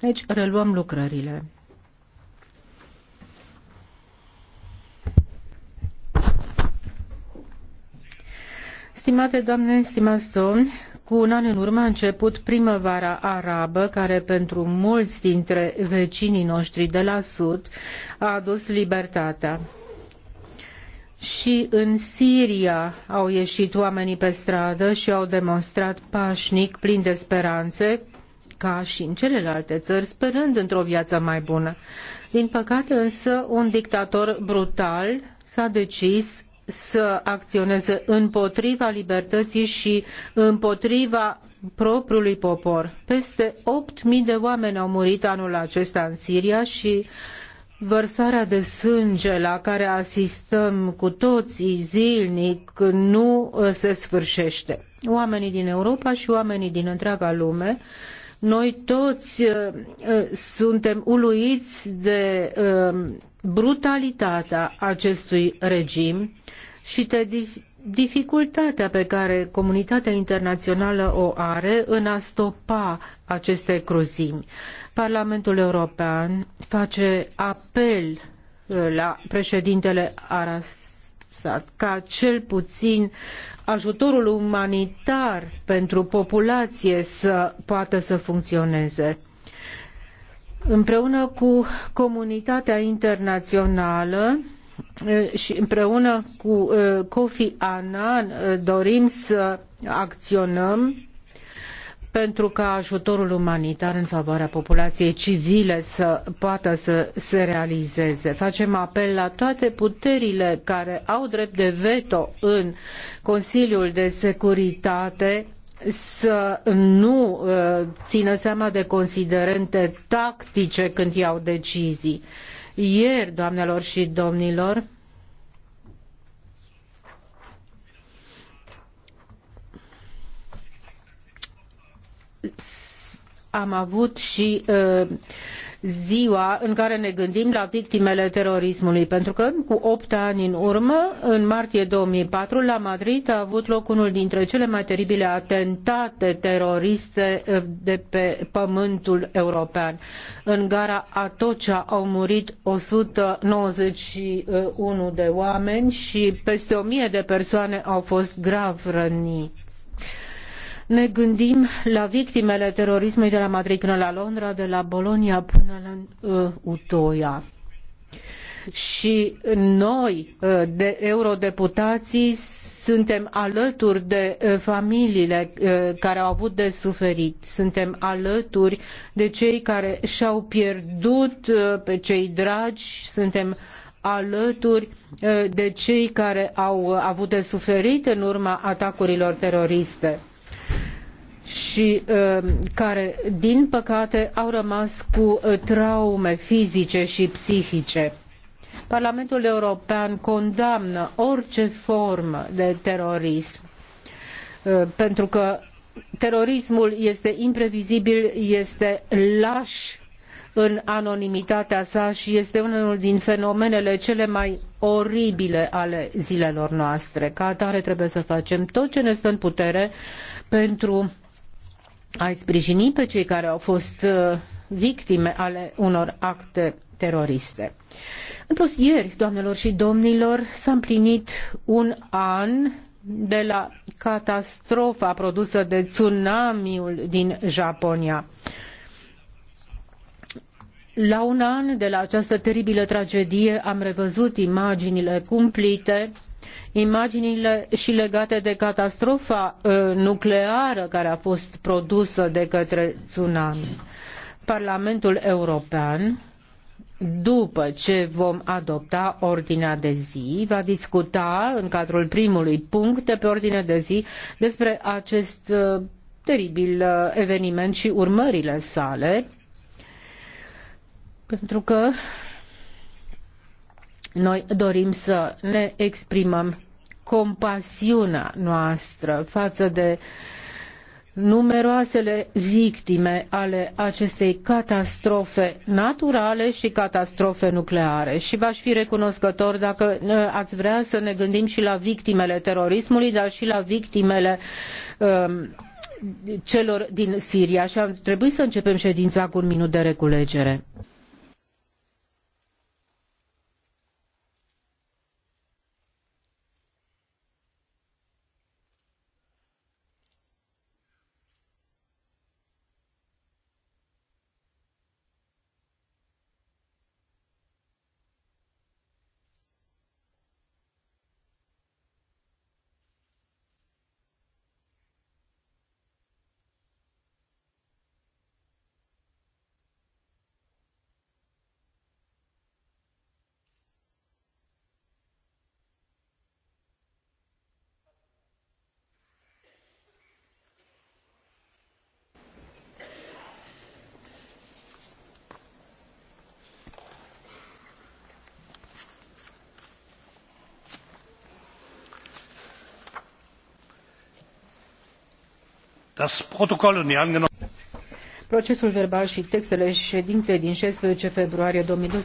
Deci reluăm lucrările. Stimate doamne, stimați domni, cu un an în urmă a început primăvara arabă, care pentru mulți dintre vecinii noștri de la sud a adus libertatea. Și în Siria au ieșit oamenii pe stradă și au demonstrat pașnic, plin de speranțe, ca și în celelalte țări, sperând într-o viață mai bună. Din păcate însă, un dictator brutal s-a decis să acționeze împotriva libertății și împotriva propriului popor. Peste 8.000 de oameni au murit anul acesta în Siria și vărsarea de sânge la care asistăm cu toții zilnic nu se sfârșește. Oamenii din Europa și oamenii din întreaga lume noi toți uh, uh, suntem uluiți de uh, brutalitatea acestui regim și de dificultatea pe care comunitatea internațională o are în a stopa aceste cruzimi. Parlamentul European face apel la președintele Aras ca cel puțin ajutorul umanitar pentru populație să poată să funcționeze. Împreună cu comunitatea internațională, și împreună cu Kofi Annan dorim să acționăm pentru ca ajutorul umanitar în favoarea populației civile să poată să se realizeze. Facem apel la toate puterile care au drept de veto în Consiliul de Securitate să nu uh, țină seama de considerente tactice când iau decizii. Ieri, doamnelor și domnilor, am avut și uh, ziua în care ne gândim la victimele terorismului, pentru că cu opt ani în urmă, în martie 2004, la Madrid a avut loc unul dintre cele mai teribile atentate teroriste ă, de pe pământul european. În gara Atocha au murit 191 de oameni și peste 1.000 de persoane au fost grav răniți ne gândim la victimele terorismului de la Madrid până la Londra, de la Bologna până la utoya uh, Utoia și noi, uh, de eurodeputații, suntem alături de uh, familiile care au avut de suferit. Suntem alături de cei care i au pierdut pe cei dragi, suntem alături de cei care au avut de suferit în urma atacurilor teroriste și uh, care, din păcate, au rămas cu uh, traume fizice și psihice. Parlamentul European condamnă orice formă de terorism, uh, pentru că terorismul este imprevizibil, este laș în anonimitatea sa și este unul din fenomenele cele mai oribile ale zilelor noastre. Ca atare trebuie să facem tot ce ne stă în putere pentru a-i sprijini pe cei care au fost uh, victime ale unor acte teroriste. În plus, ieri, doamnelor și domnilor, s-a împlinit un an de la catastrofa produsă de tsunamiul din Japonia. La un an de la această teribilă tragedie am revăzut imaginile cumplite imaginile și legate de catastrofa uh, nucleară care a fost produsă de către tsunami. Parlamentul European după ce vom adopta ordinea de zi, va discuta în cadrul primului punct de pe ordinea de zi despre acest uh, teribil uh, eveniment și urmările sale, pentru că noi dorim să ne exprimăm compasiunea noastră față de numeroasele victime ale acestei catastrofe naturale și catastrofe nucleare. Și v-aș fi recunoscător dacă ă, ați vrea să ne gândim și la victimele terorismului, dar și la victimele um, celor din Siria. Și ar trebui să începem ședința cu un minut de reculegere. Procesul verbal și textele ședinței din 16 februarie 2012